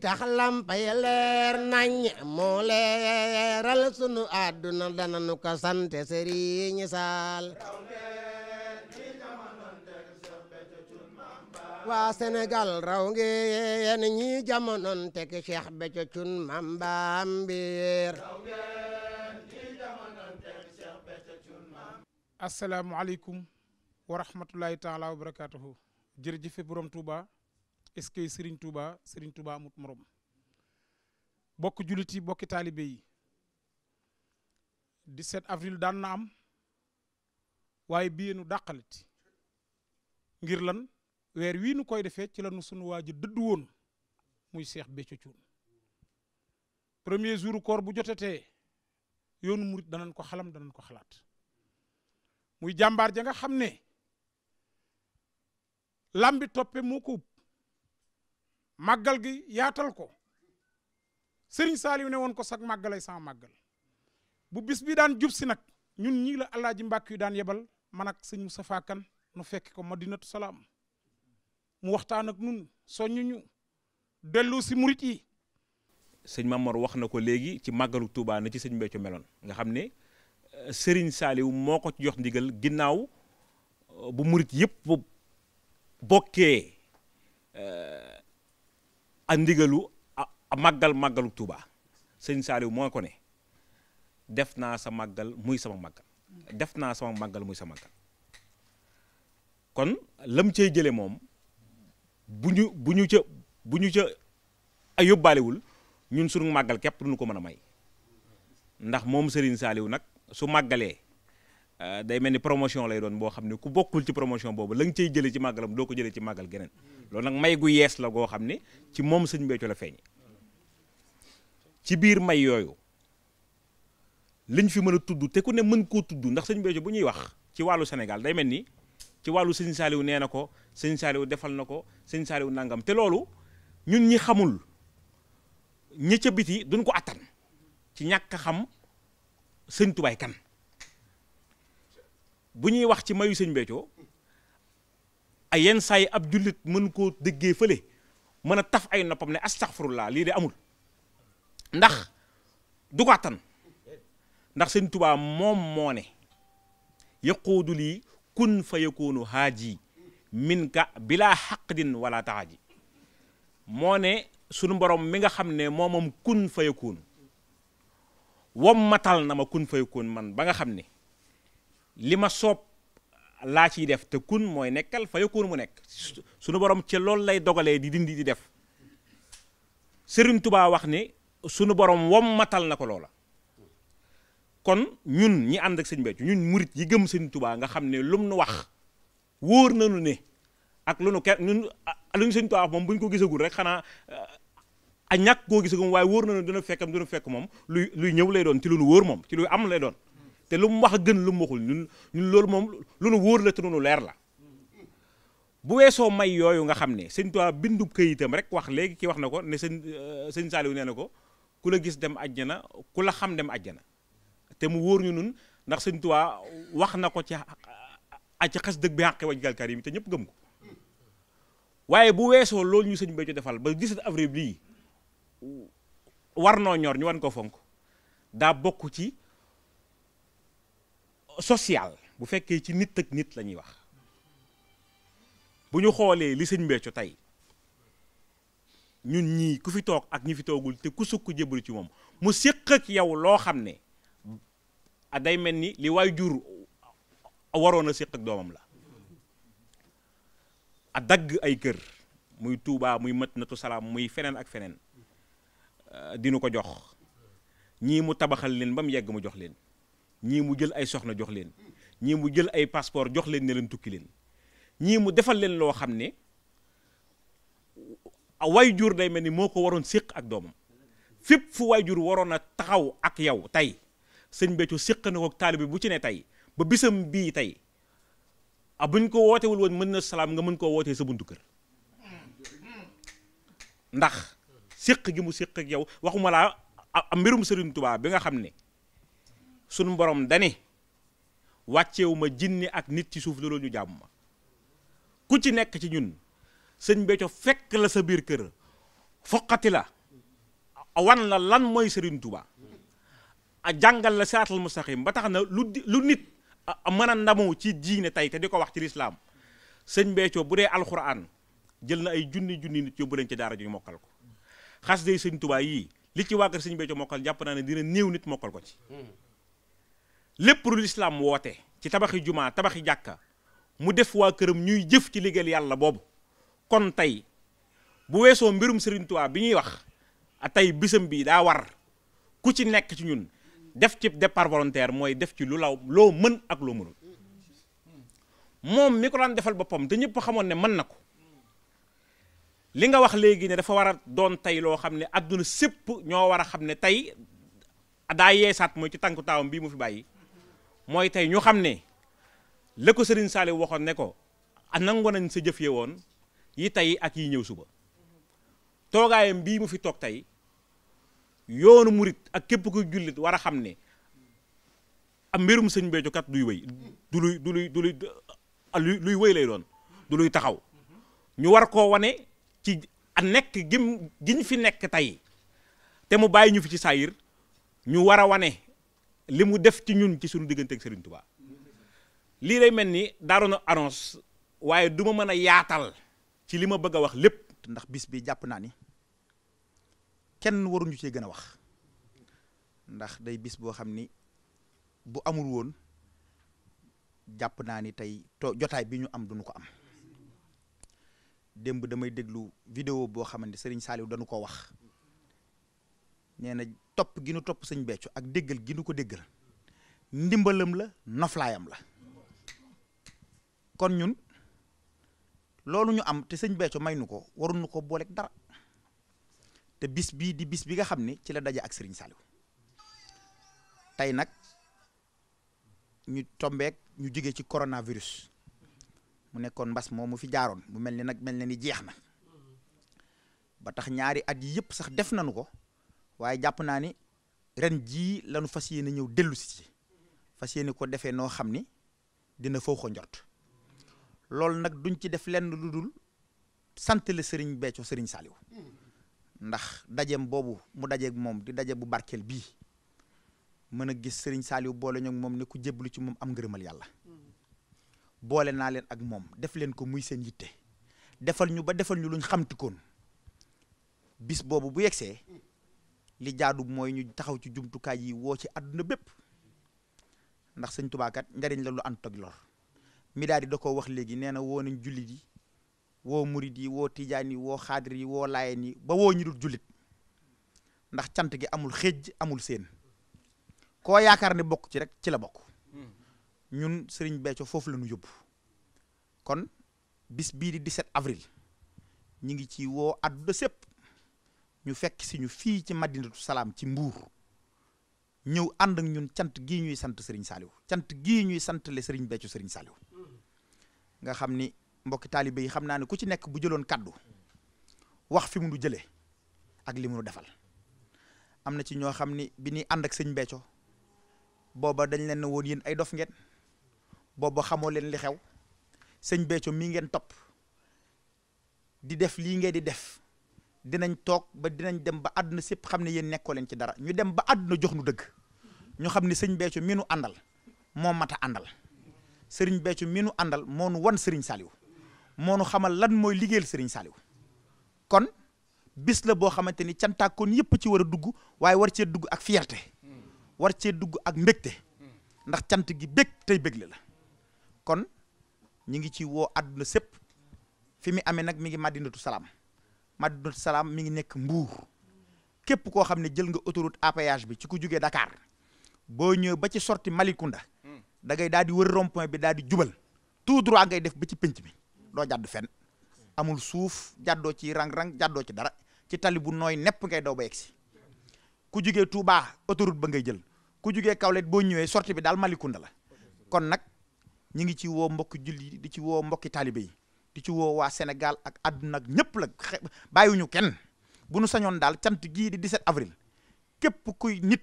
tax lampa yi leer nañ moo leeral sunu àdduna dana nu ko sante Serigne Sall waa senegal raw ngi yéen ñi jamonoon teg Cheikh Béthio Thioune Maam Bamba mbir asalaamualeykum wa taala wa barakatuhu jërëjëfe borom Touba est ce que Serigne Touba Serigne amut morom bokk jullit bokki taalibe yi 17 avril daan na am waaye bii nu ngir lan weer wii nu koy defee ci la nu sunu waa ji dëdd woon muy Seex Béthio Thioune premier jour koor bu jotatee yoonu murit danañ ko xalam danañ ko xalaat muy jàmbaar ja nga xam ne lambi toppe moo ko màggal gi yaatal ko Serigne Saliou ne woon ko sax màggalay sama màggal bu bis bi daan jub si nag ñun ñii la Alaaji Mbàkke yu daan yebal man ak sëñ Moustapha nu fekk ko Madinatu Salaam mu waxtaan ak nun soññuñu dellu si murit yi. sëñ Mamor wax na ko léegi ci màggalu Touba na ci sëñ Béthio meloon nga xam ne euh, sëriñ Saliou moo ko jox ndigal ginnaaw euh, bu murit yëpp bokkee euh, a ndigalu a màggal màggalu Touba sëñ Saliou moo ko ne def naa sa màggal muy sama màggal def naa sama màggal muy sa màggal kon lam cey jële moom bu ñu bu ñu ca bu ñu ca ay yóbbaalewul ñun suñu màggal képp duñu ko mën a may ndax moom Serigne Saliou nag su màggalee euh, day mel ni promotion lay doon boo xam ne ku bokkul ci promotion boobu lañ nga cey jëlee ci màggalam doo ko jëlee ci màggal geneen loolu nag may gu yees la goo xam ne ci moom sëñ Béthio la feeñ ci biir may yooyu liñ fi mën a tudd te ku ne mën koo tudd ndax sëñ Béthio bu ñuy wax ci wàllu senegal day mel ni ci wàllu sëñ Saliou nee na ko sëñ Saliou defal na ko sëñ Saliou nangam te loolu ñun ñi xamul ñi ca biti duñ ko attan ci ñàkk xam sëñ Tubaay kan bu ñuy wax ci mayu sëñ Béthio ay yenn saay ab jullit mën koo dëggee fële mën a taf ay noppam ne laa lii de amul ndax du ko attan ndax sëñ Tubaa moom moo ne yaquudu lii kun fa yakunu haaji min ka bilaa xaqdin wala taaji moo ne sunu borom mi nga xam ne moo moom kun fa yakunu wom matal na ma kun fa yakun man ba nga xam ne li ma soob laa ciy def te kun mooy nekkal fa yakun mu nekk sunu borom ci loolu lay dogalee di dindi di def Sëriñ Tubaa wax ne sunu borom wom matal na ko loola kon ñun ñi ànd ak sëñ Béthio ñun murit yi gëm sëñ Tuubaa nga xam ne lum nu wax wóor nañu ne ak lu nu kenn ñun ah, lu ñu sëñ Tuubaa wax moom bu ñu ko gisagul rek xanaa ah, a ñàkk koo gisagum waaye wóor nañu dina fekkam dina fekk moom luy luy ñëw lay doon ci lu nu wóor moom ci luy am lay doon te lu mu wax gën lu mu waxul ñun loolu moom lu nu wóor la te lu nu leer la bu weesoo may yooyu nga xam ne sëñ Tuubaa bindu kayitam rek wax léegi ki wax na ko ne sëñ euh, sëñ Saaliw nee na ko ku la gis dem ajjana ku la xam dem àjjana te mu wóor ñu nun ndax sëñ Tuubaa wax na ko ci ci xas dëgg bi xàqi waj galkaar yi te ñëpp gëm ko waaye bu weesoo loolu ñu sëñ Béthio defal ba 17 avril bii war noo ñor ñu wan ko fonk daa bokk ci social bu fekkee ci nit ak nit la ñuy wax bu ñu xoolee li sëñ Béthio tey ñun ñii ku fi toog ak ñi fi toogul te ku sukk jébbalu ci moom mu séq ak yow loo xam ne a day mel ni li waay jur waroon a séq ak doomam la a dagg ay kër muy Touba muy mat Madinatu Salaam muy feneen ak feneen euh, dina ko jox ñii mu tabaxal leen ba mu yegg mu jox leen ñii mu jël ay soxna jox leen ñii mu jël ay passeport jox leen ne leen tukki leen ñii mu defal leen loo xam ne way jur day mel ni moo ko waroon séq ak doomam fépp fu way jur waroon a taxaw ak yow tey sëñ Béthio séq na ko taalibe bu ci ne tey ba bisam bii tey ah buñ ko wootewul woon mën na salaam nga mën koo wootee sa buntu kër ndax séq gi mu séq ak yow waxuma laa ah, mbirum Sëriñ tubaa bi nga xam ne sunu borom dani wàccewu ma jinni ak nit ci suuf loolu ñu jàmm ma ku ci nekk ci ñun sëñ Béthio fekk la sa biir kër foqati la wan la lan mooy Sëriñ Tuubaa a jàngal la siraatal mustaqim ba tax na lu lu nit mën a ndamoo ci diine tey te di ko wax ci lislaam sëñ Béthio bu dee alxuraan jël na ay junni junni nit yóbbu leen ci daara ju mokkal ko xas day sëñ yii li ci wàggar sëñ Béthio mokkal jàpp naa ne dina néew nit mokkal ko ci lépp lu lislaam woote ci tabaxi jumaa tabaxi jàkka mu def waa këram ñuy jëf ci liggéeyal yàlla boobu kon tey bu weesoo mbirum sëriñ bi ñuy wax tey bisam bii daa war ku ci nekk ci ñun def ci départ volontaire mooy def ci lu law loo mën ak loo mënul moom mi ko daan defal boppam te ñëpp xamoon ne mën na ko li nga wax léegi ne dafa war a doon tey loo xam ne adduna sépp ñoo war a xam ne tey daa yeesaat mooy ci tànku taawam bii mu fi bàyyi mooy tey ñu xam ne lekko ko Serigne waxoon ne ko ah, nangu nañ sa jëf ye woon yi tey ak yi ñëw suba toogaayam bii mu fi toog tey yoonu murit ak képp kuy jullit war a xam ne mbirum sëñ Béthio kat duy wéy du luy du luy du luy luy taxaw ñu war koo wane ci a nekk gim giñ fi nekk tey te mu bàyyi ñu fi ci saayir ñu war a wane li mu def ci ñun ci suñu diggante ak Serigne Touba lii day mel ni daaroon a annonce waaye duma mën a yaatal ci li ma bëgg a wax lépp ndax bis bi jàpp naa ni kenn waruñu cee gën a wax ndax day bis boo xam ni bu amul woon jàpp naa ni tey to jotaay bi ñu am duñu ko am démb damay déglu vidéo boo xamante sëriñ Saaliw dañu ko wax nee na topp gi nu topp sëñ beccu ak déggal gi nu ko déggal ndimbalam la noflaayam la kon ñun loolu ñu am te sëñ beccu may nu ko waruñu ko booleeg dara te bis bii di bis bi nga xam ne ci la daje ak sëriñ Saliou tey nag ñu tombeek ñu jóge ci coronavirus mu nekkoon mbas moom mu fi jaaroon mu mel ni nag mel na ni jeex na ba tax ñaari at yi yëpp sax def nañu ko waaye jàpp naa ni ren jii lanu fas yéene ñëw dellu ci fas yéene ko defee noo xam ni dina foo jot njort loolu nag duñ ci def lenn lu dul sant la sëriñ Béthio Serigne Saliou. ndax dajeem boobu mu dajeeg moom di daje bu barkeel bii mën a gis sëriñ Saliou boole ñoog moom ne ku jébbalu ci moom am ngërëmal yàlla boole naa leen ak moom def leen ko muy seen yitte defal ñu ba defal ñu lu luñ xamtikoon bis boobu bu yegsee li jaadu mooy ñu taxaw ci jumtukaay yi woo ci àdduna bépp ndax sëñ tubaakat njariñ la lu ànd tog lor mi daal di da koo wax léegi nee na woo nañ jullit yi woo murit yi woo tijaan yi woo xaadir yi woo laayeen yi ba woo ñu dul jullit ndax cant gi amul xeej amul seen ko yaakaar ne bokk ci rek ci la bokk ñun sëriñ Béthio foofu la ñu yóbbu kon bis bii di 17 avril ñu ngi ci woo àdduna sëpp ñu fekk si ñu fii ci madinatu salaam ci mbuur ñëw and ak ñun cant gii ñuy sant sëriñ Saliou cant gii ñuy sant le sëriñ Béthio sëriñ Saliou nga xam ni mbokki taalibe yi xam naa ne ku ci nekk bu jëloon kàddu wax fi mu nu jëlee ak li mu nu defal am na ci ñoo xam ni bi ñuy ànd ak sëñ Béthio booba dañ leen woon yéen ay dof ngeen booba xamoo leen li xew sëñ Béthio mii ngeen topp di def lii ngeen di def dinañ toog ba dinañ dem ba àdduna sépp xam ne yéen nekkoo leen ci dara ñu dem ba àdduna jox nu dëgg ñu xam ne sëñ Béthio mii àndal moo mat a àndal sëriñ Béthio mii nu àndal moo nu wan sëriñ Saliou moonu xamal lan mooy liggéeyal sëriñ Saliou kon bis la boo xamante ni cantaakoon yëpp ci war a dugg waaye war cee dugg ak fierté war cee dugg ak mbégte ndax cant gi bég tey bégle la kon ñi ngi ci woo àdduna sëpp fi mi amee nag mi ngi maddinatu salaam madinatu salaam mi ngi nekk mbuur képp koo xam ne jël nga autoroute à bi ci ku jugee dakaar boo ñëwee ba ci sorti Malicounda hmm. da ngay daal di wër rond-point bi daal di jubal tout droit ngay def ba ci pénc mi doo jàdd fen amul suuf jàddoo ci rang-rang jàddoo ci dara ci tali bu nooy nepp ngay daw ba yegsi ku jugee Touba autoroute ba ngay jël ku jugee Kaolack boo ñëwee sortie bi daal Malicounda la kon nag ñi ngi ci woo mbokki julli di ci woo mbokki taalibe yi di ci woo waa senegal ak àdduna ak ñëpp la bàyyiwuñu kenn bu nu sañoon daal cant gii di 17 avril képp kuy nit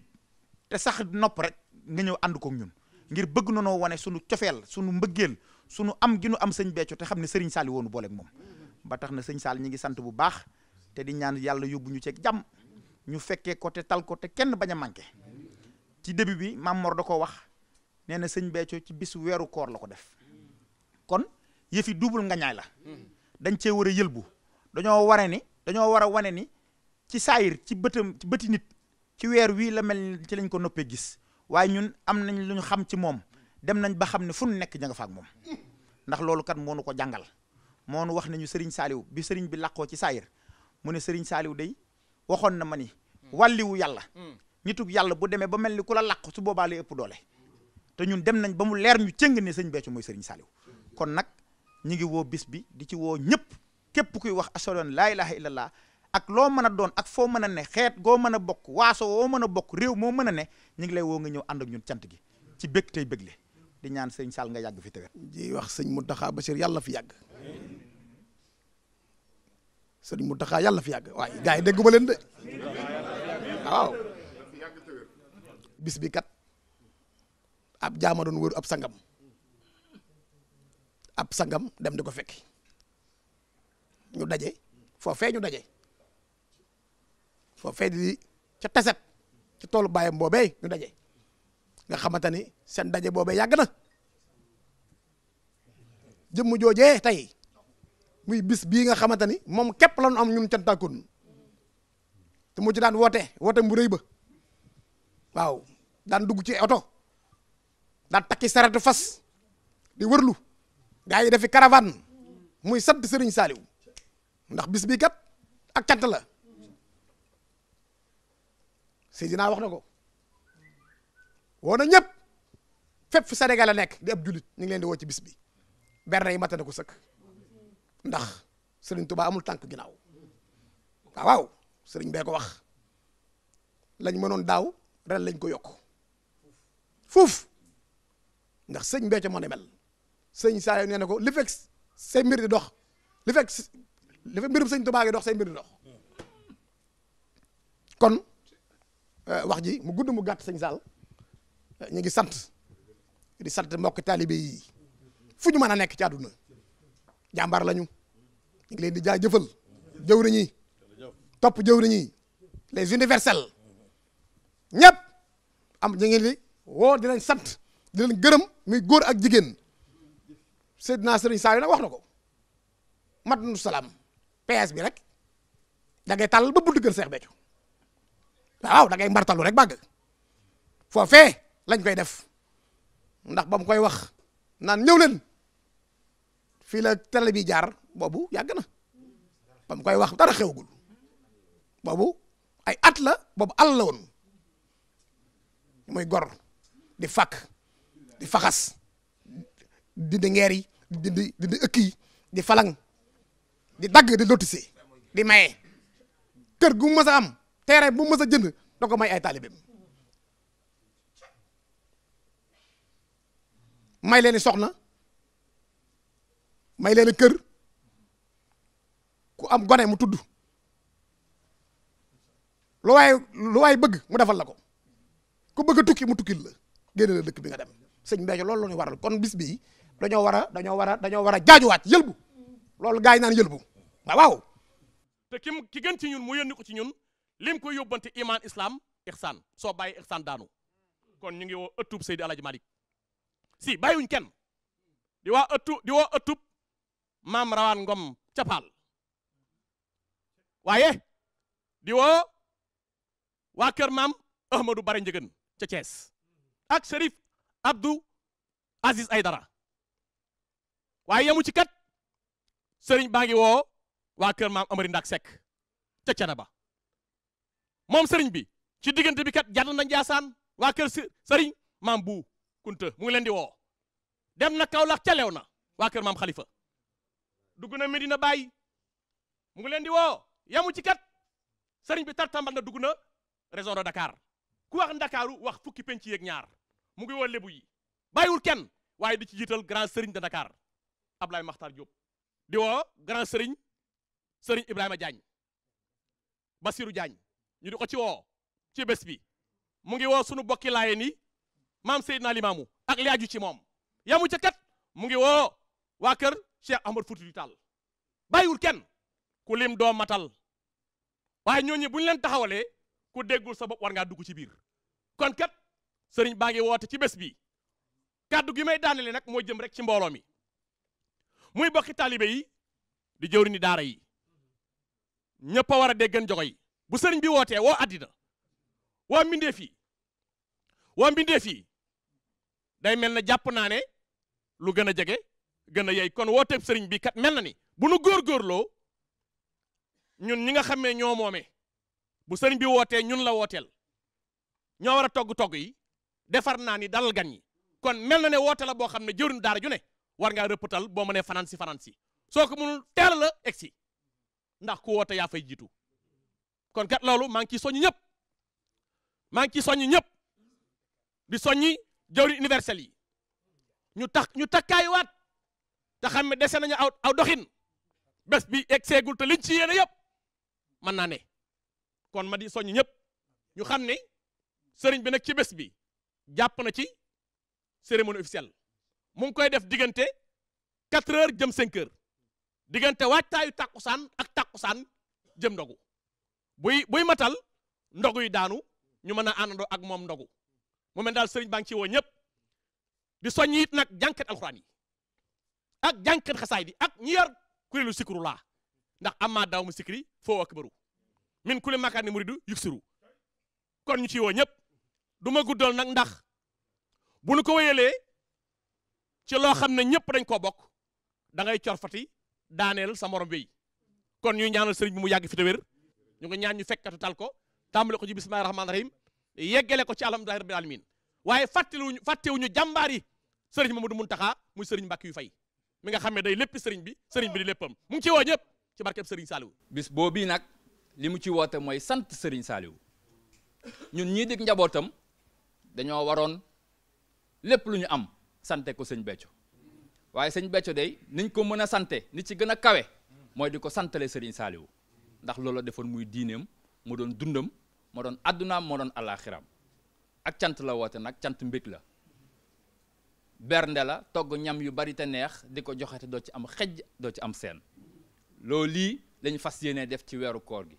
te sax nopp rek nga ñëw ànd kook ñun ngir bëgg na noo wane sunu cofeel sunu mbëggeel sunu am gi nu am sëñ becco te xam ne sëriñ Saali woonu booleeg moom ba tax na sëñ Saali ñi ngi sant bu baax te di ñaan yàlla yóbbu ñu ceeg jàmm ñu fekkee ko te tal ko te kenn bañ a manqué ci début bi Maam Mor da ko wax nee na sëñ becco ci bisu weeru koor la ko def kon yëfi duubul nga ñaay la dañ cee war a yëlbu dañoo ware ni dañoo war a wane ni ci saayir ci bëtam bëti nit ci weer wii la mel ci lañ ko noppee gis waaye ñun am nañ lu ñu xam ci moom dem nañ ba xam ne fu nu nekk ña nga fa moom ndax loolu kat moo nu ko jàngal moo nu wax nañu sëriñ saaliw bi sëriñ bi làqoo ci saayir mu ne sëriñ saaliw day waxoon na ma ni wàlliwu yàlla nitub yàlla bu demee ba mel ni ku la làq su boobaa lay ëpp doole te ñun dem nañ ba mu leer ñu cëng ne sëñ Béthio mooy sëriñ saaliw kon nag ñi ngi woo bis bi di ci woo ñëpp képp kuy wax ashhadu an laa ilaaha illallah ak loo mën a doon ak foo mën a ne xeet goo mën a bokk waaso woo mën a bokk réew moo mën a ne ñu ngi lay woo nga ñëw ànd ak ñun cant gi ci bég tey bégle di ñaan sëñ Sall nga yàgg fi tawet di wax sëñ ba Bachir yàlla fi yàgg sëñ Mountakha yàlla fi yàgg waaye gars yi déggu ma leen de waaw bis bi kat ab jaama doon ab sangam ab sangam dem di ko fekki ñu daje foofee ñu daje foofee di ca taset ca toolu bàyyam boobee ñu daje nga xamante ni seen daje boobee yàgg na jëmm joojee tey muy bis bii nga xamante ni moom képp la ñu am ñun cantakun te mu ci daan woote woote bu rëy ba waaw daan dugg ci oto daan takki saretu fas di wërlu gaa yi defi caravane muy sant sëriñ Saliou ndax bis bii kat ak cant la naa wax na ko woo na ñëpp fépp fu Sénégal a nekk di ab julit ñu ngi leen di woo ci bis bi berne yi mate ko sëkk ndax sëriñ tubaa amul tànk ginnaaw waaw sëriñ bee ko wax lañ mënoon daaw ren lañ ko yokk fuuf ndax sëñ Béthio moo mel sëñ saa nee na ko li fekk say mbir di dox li fekk li fekk mbirum sëñ Tuubaa gi dox say mbir di dox kon euh, wax ji mu gudd mu gàtt sëñ saal ñu ngi sant di sant mbokk taalibe yi fu ñu mën a nekk ci àdduna jàmbaar lañu ñu ngi leen di jaajëfal jëwriñ yi topp jëwriñ yi les universels ñëpp am ñu ngi woo dinañ sant di gërëm muy góor ak jigéen Seydina naa Saliou nag wax na ko mat nu salaam PS bi rek da ngay tàllal ba bunt kër Seex Béthio waaw da ngay mbartalu rek bàgg foofee lañ koy def ndax ba koy wax naan ñëw fii la télé bi jaar boobu yàgg na ba koy wax dara xewgul boobu ay at la boobu àll la woon muy gor di fàkk di faxas di di ngeer yi di di di falang di dagg di lotissé di maye kër gu mu a am terrain bu mu mës a jënd da ko may ay taalibeem may leen soxna may leen kër ku am gone mu tudd lu waay lu waay bëgg mu defal la ko ku bëgg a tukki mu tukkil la génne la dëkk bi nga dem sëñ Mbéthio loolu la waral kon bis bii dañoo war a dañoo war a dañoo war a jaajuwaat yëlbu loolu gaa yi naan yëlbu waaw waaw. te ki ki gën ci ñun mu yónni ko ci ñun lim koy yóbbante iman islam ihsan soo bàyyi ihsan daanu kon ñu ngi woo ëttub Seydi Alaaji Malick si bàyyiwuñ ken di waa ëttu di woo ëttub maam rawaan ngom ca paal waaye di woo waa kër maam ahmadou bare njëgën ca Thiès ak Serif Abdou Aziz Aydara waaye yemu ci kat sëriñ baa ngi woo waa kër maam amari ndak Seck ca moom sëriñ bi ci diggante bi kat jàdd na Njaasaan waa kër sëriñ maam bu kunta mu ngi leen di woo dem na Kaolack ca lew na waa kër maam Khalifa dugg na Medina Baye mu ngi leen di woo yamu ci kat sëriñ bi tartambal na dugg na région de Dakar ku wax ndakaaru wax fukki penc yeeg ñaar mu ngi woo lébu yi bàyyiwul kenn waaye di ci jiital grand sëriñ de Dakar Ablaye Makhtar Diop di woo grand sëriñ sëriñ Ibrahima Diagne Basirou Diagne ñu di ko ci woo ci bés bi mu ngi woo sunu bokki laaye ni maam Seydina Limaamu ak li aju ci moom yamu ca kat mu ngi woo waa kër Cheikh Ahmad Foutiyou Tall bàyyiwul kenn ku lim doo matal waaye ñooñu bu ñu leen taxawalee ku déggul sa bopp war ngaa dugg ci biir kon kat sëriñ baa ngi woote ci bés bi kàddu gi may daanele nag moo jëm rek ci mbooloo mi muy bokki taalibe yi di jëwri daara yi ñëpp a war a déggan jogo yi bu sëriñ bi wootee woo àddina woo mbindeef yi woo mbindeef yi day mel na jàpp naa ne lu gën a jege gën a yey kon wooteeb sëriñ bi kat mel na ni bu nu góorgóorloo ñun ñi nga xam ne ñoo moomee bu sëriñ bi wootee ñun la wooteel ñoo war a togg-togg yi defar naa ni dalal gan ñi kon mel na ne woote la boo xam ne jëwriñ daara ju ne war ngaa rëppatal boo mënee fanaan si fanaan si soo ko mënul teel la egsi ndax ku woote yaa fay jiitu kon kat loolu maa ngi ciy soññ ñëpp maa ngi ciy soññ ñëpp di soññi jawri universel yi ñu tax ñu takkaayuwaat te xam ne dese nañu aw aw doxin bés bi egg seegul te liñ ci yéene yëpp mën naa ne kon ma di soññ ñëpp ñu xam ne sëriñ bi nag ci bés bi jàpp na ci cérémonie officielle mu ngi koy def diggante 4 heures jëm 5 heures diggante waajtaayu tàkkusaan ak tàkkusaan jëm ndogu buy buy matal ndogu yi daanu ñu mën a àndandoo ak moom ndogu mu mel daal sëriñ baa ngi ci woo ñëpp di soññ it nag jànkat alxuraan yi ak jànkat xasaay bi ak ñi yor kuréelu sikru laa ndax am maa daaw mu sikri foo akbaru min ku li makaar ni muridu yuksiru kon ñu ci woo ñëpp du nag ndax bu nu ko wéyalee ci loo xam ne ñëpp dañ koo bokk da ngay corfati daaneel sa morom wéy kon ñuy ñaanal sëriñ bi mu yàgg fi te wér ñu ngi ñaan ñu fekkatu tal ko tàmbale ko ci bismillahi rahmaani rahim yeggale ko ci alhamdulillahi rabbil alamin waaye fàttewuñu fàttewuñu jàmbaar yi sëriñ Mamadou Muntaxa muy sëriñ Mbàkke yu fay mi nga xam ne day lépp sëriñ bi sëriñ bi di léppam mu ngi ci woo ñëpp ci barkeb sëriñ Saliou bis boobu nag li mu ci woote mooy sant sëriñ Saliou ñun ñii dig njabootam dañoo waroon lépp lu ñu am sante ko sëñ Béthio waaye sëñ becco day niñ ko mën a sante ni ci gën a kawe mooy di ko santale sëriñ saaliw ndax loolu defoon muy diineem mu doon dundam moo doon addunaam moo doon alaaxiram ak cant la woote nag cant mbég la bernde la togg ñam yu bari te neex di ko joxe te doo ci am xejj doo ci am seen loo lii lañu fas yéene def ci weeru koor gi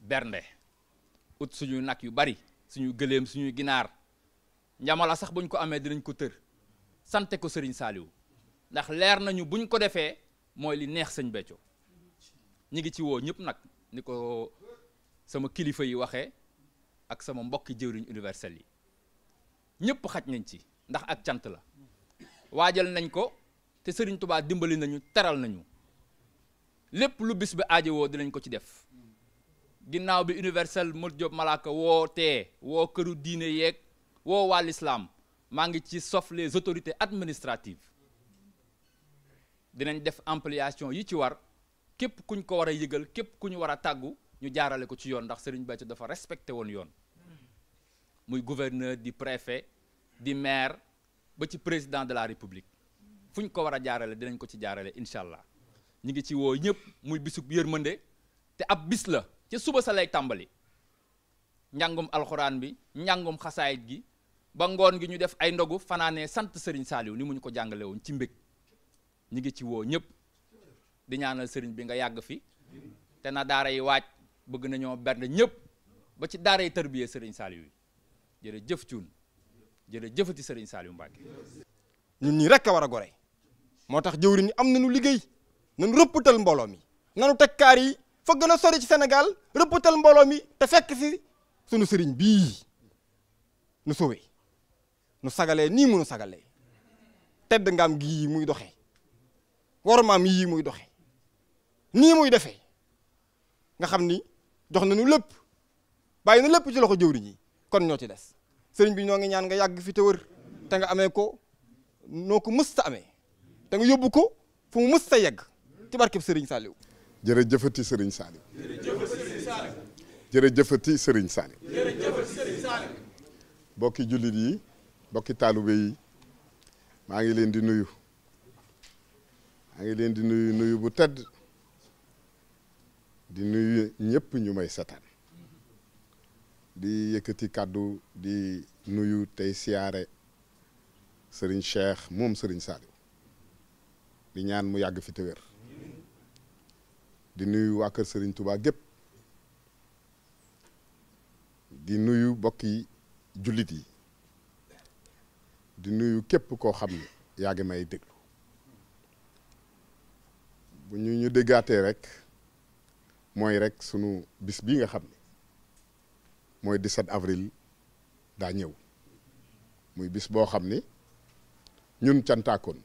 bernde ut suñu nag yu bari suñu gëléem suñuy ginaar njamala sax buñ ko amee dinañ ko tër sante ko sëriñ saaliw ndax leer nañu buñ ko defee mooy li neex sëñ becco ñi ngi ci woo ñëpp nag ni ko sama kilifa yi waxee ak sama mbokki jëwriñ universel yi ñëpp xaj nañ ci ndax ak cant la waajal nañ ko te sëriñ tubaa dimbali nañu teral nañu lépp lu bis bi aajowoo dinañ ko ci def ginnaaw bi universel Modou Diop Malaka woo tee woo këru diine yeeg woo waa lislaam maa ngi ci sauf les autorités administratives dinañ def ampliation yi ci war képp kuñ ko war a yëgal képp ku ñu war a tàggu ñu jaarale ko ci yoon ndax Serigne ci dafa respecté woon yoon muy gouverneur di préfet di maire ba ci président de la république fu ñu ko war a jaarale dinañ ko ci jaarale incha allah ñu ngi ci woo ñëpp muy bisub yërmande te ab bis la ca suba sa lay tàmbali njàngum alxuraan bi njàngum xasaayit gi ba ngoon gi ñu def ay ndogu fanaanee sant Serigne Saliou ni mu ñu ko jàngale woon ci mbég ñu ngi ci woo ñëpp di ñaanal Serigne bi nga yàgg fi te na daara bëgg nañoo bernde ñëpp ba ci daaray tarbiyee sëriñ Saliou yi jërëjëf Thioune jërëjëfati sëriñ Saliou Mbacke ñun ñii rek a war a gore moo tax jëwriñ am na nañu liggéey nañu rëppatal mbooloo mi nanu teg kaar yi gën a sori ci Sénégal rëppatal mbooloo mi te fekk si sunu sëriñ bii nu sowee nu sagalee nii munu sagalee tedd ngaam gii muy doxee wormaam yii muy doxe nii muy defee nga xam ni jox nañu lépp bàyyi na lépp ci loxo jëwriñ yi kon ñoo ci des sëriñ bi ñoo ngi ñaan nga yàgg fi te wër te nga amee ko noo ko mësta amee te nga yóbbu ko fu mu mësta yegg ci barkeb sëriñ Saliou. jërëjëfati sëriñ Saliou. jërëjëfati sëriñ Saliou. jërëjëfati sëriñ Saliou. mbokki jullit yi mbokki taalibe yi maa ngi leen di nuyu maa ngi leen di nuyu nuyu bu tedd. di nuyu ñëpp ñu may setaan di yëkkati kàddu di nuyu tey siyaare sëriñ Cheikh moom sëriñ Saliou di ñaan mu yàgg fi te di nuyu waa kër Serigne Touba gépp di nuyu bokki jullit yi di nuyu képp koo xam ne yaa ngi may déglu bu ñu ñu déggaatee rekk mooy rek sunu bis bii nga xam ne mooy 17 avril daa ñëw muy bis boo xam ni ñun cantaakoon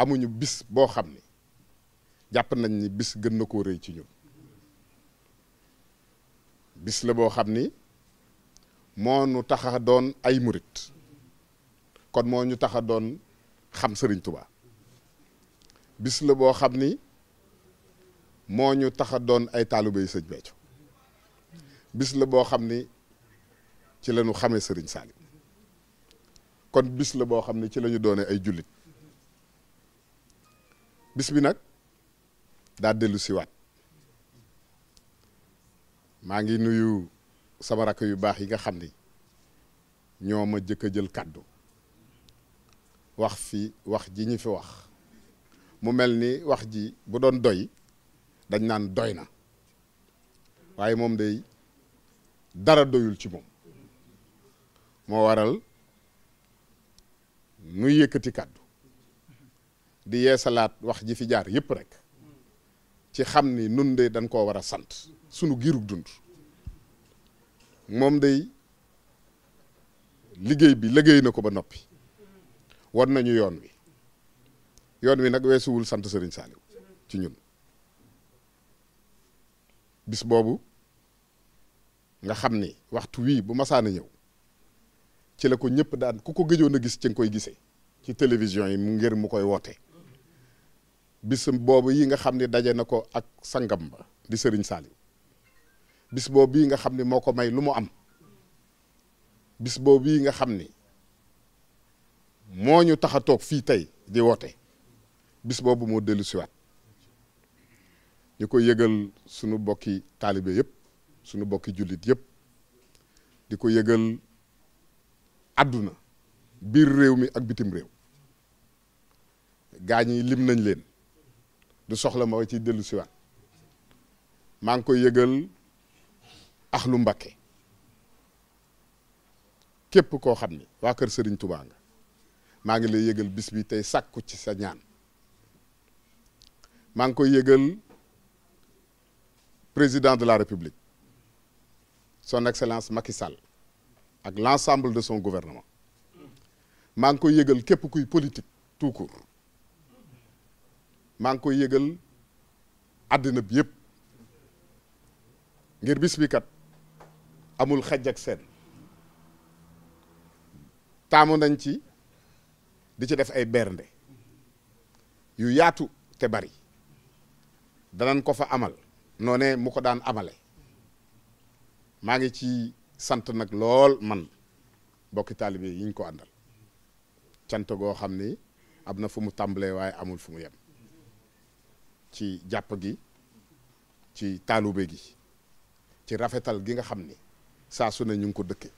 amuñu bis boo xam ni jàpp nañ ni bis gën na koo rëy ci ñun bis la boo xam ni moo nu tax doon ay murit kon moo ñu tax a doon xam Sëriñ Tuubaa bis la boo xam ni moo ñu tax a doon ay taalibe yu sëñ Béthio bis la boo xam ni ci la ñu sëriñ Saliou kon bis la boo xam ni ci la doone ay jullit bis bi nag daa dellu siwaat maa ngi nuyu sama rakk yu baax yi nga xam ni ñoo ma jëkk a jël kàddu wax fi wax ji ñu fi wax mu mel ni wax ji bu doon doy dañ naan doy na waaye moom day dara doyul ci moom moo waral nu yékkati kàddu di yeesalaat wax ji fi jaar yëpp rek ci xam ni nun de dañ koo war a sant sunu giirug dund moom day liggéey bi liggéey na ko ba noppi war nañu yoon wi yoon wi nag weesuwul sant sëriñ Saliou ci ñun bis boobu nga xam ni waxtu wii bu masaana ñëw ci la ko ñëpp daan ku ko gëjoon a gis ci nga koy gisee ci télévision yi mu ngir mu koy woote bis boobu yi nga xam ne daje na ko ak sangam ba di sëriñ Saliou bis boobu yi nga xam ne moo ko may lu mu am bis boobu yi nga xam ni moo ñu tax a toog fii tey di woote bis boobu moo dellu siwaat di ko yëgal sunu bokki taalibe yépp sunu bokki jullit yëpp di ko yëgal àdduna biir réew mi ak bitim réew gaa ñi lim nañ leen du soxla ma ci dellu maa ngi koy yëgal axlu Mbakke képp koo xam ne waa kër Serigne Touba nga maa ngi lay yëgal bis bi tey sàkku ci sa ñaan maa ngi koy yëgal président de la République son excellence Macky Sall ak l'ensemble de son gouvernement maa ngi koy yëgal képp kuy politique tout court maa ngi koy yëgal addina bi yëpp ngir bis amul xaj ak seen taamu nañ ci di ci def ay bernde yu yaatu te bari danañ ko fa amal noonee mu ko daan amale maa ngi ci sant nag lool man bokki taalibe yi ñu ko àndal cant goo xam ni am na fu mu tàmbalee waaye amul fu mu yem ci jàpp gi ci taalube gi ci rafetal gi nga xam ni saa su ñu ngi ko dëkke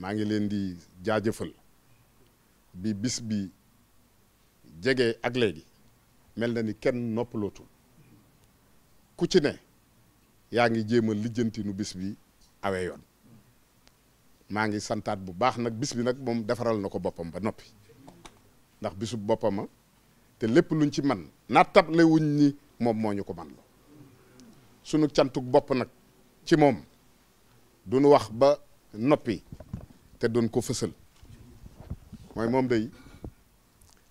maa ngi leen di jaajëfal bi bis bi jege ak léegi mel na ni kenn noppalootul ku ci ne yaa ngi jéem a lijjanti nu bis bi awee yoon maa ngi santaat bu baax nag bis bi nag moom defaral na ko boppam ba noppi ndax bisu boppama te lépp luñ ci man nattab la wuñ ni moom moo ñu ko man la sunu cantuk bopp nag ci moom du nu wax ba noppi te duñ ko fësal mooy moom day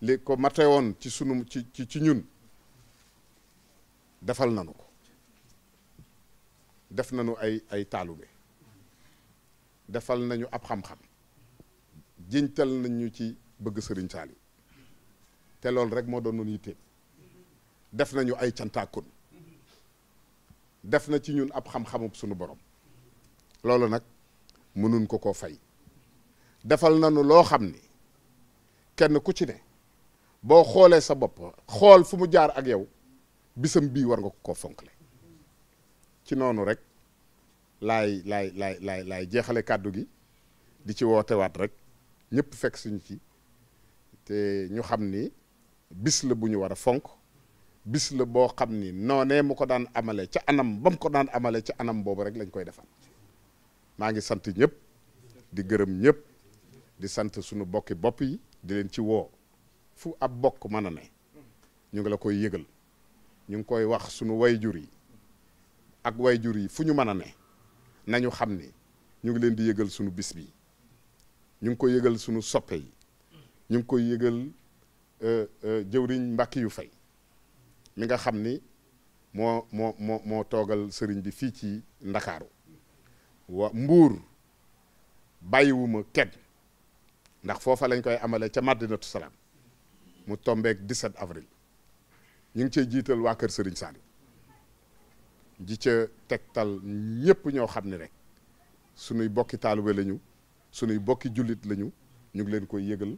li ko mate woon ci sunu ci ci ñun defal nanu ko def nañu ay ay taalube defal nañu ab xam-xam jiñtal ñu ci bëgg sëriñ Saaliw te loolu rek moo doon yitteem def nañu ay cantaakon def na ci ñun ab xam-xamub sunu borom loolu nag mënuñ ko ko fay defal na nu loo xam ni kenn ku ci ne boo xoolee sa bopp xool fu mu jaar ak yow bisam bii war nga ko koo fonkle ci noonu rek lay lay laay laay laay jeexale kàddu gi di ci wootewaat rek ñëpp fekk suñu ci te ñu xam ni bis la bu ñu war a fonk bis la boo xam ni noonee mu ko daan amale ca anam ba mu ko daan amale ci anam boobu rek lañ koy defal maa ngi sant ñëpp di gërëm ñëpp di sant suñu bokki bopp yi di leen ci woo fu ab bokk mën a ne ñu ngi la koy yëgal ñu ngi koy wax suñu way jur yi ak wayjur yi fu ñu mën a ne nañu xam ni ñu ngi leen di yëgal sunu bis bi ñu ngi koy yëgal sunu soppe yi ñu ngi koy yëgal euh, euh, jëwriñ mbàkki yu fay mi nga xam ni moo moo moo moo toogal sëriñ bi fii ci ndakaaru wa mbuur bàyyiwuma kenn ndax foofa lañ koy amale ca Madinatu Salaam mu tombeek set avril ñu ngi cey jiital waa kër sëriñ Saliou di tegtal ñépp ñoo xam ne rek sunuy bokki taalibe lañu sunuy bokki jullit lañu ñu ngi leen ko yëgal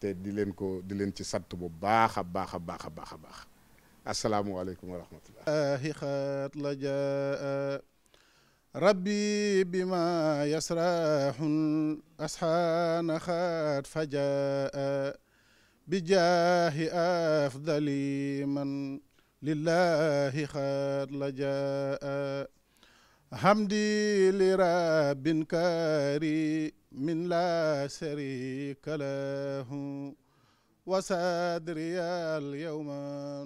te di leen ko di leen ci sant bu baax a baax a baax a baax a baax asalaamualeykum wa rahmatullah xat la jaa rabbi bima yasrahun asxaana xat fajaa bijaahi afdali man لله خاد لجاء حمدي لرب كريم من لا شريك له وصدري اليوم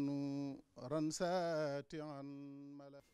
نورا ساتعا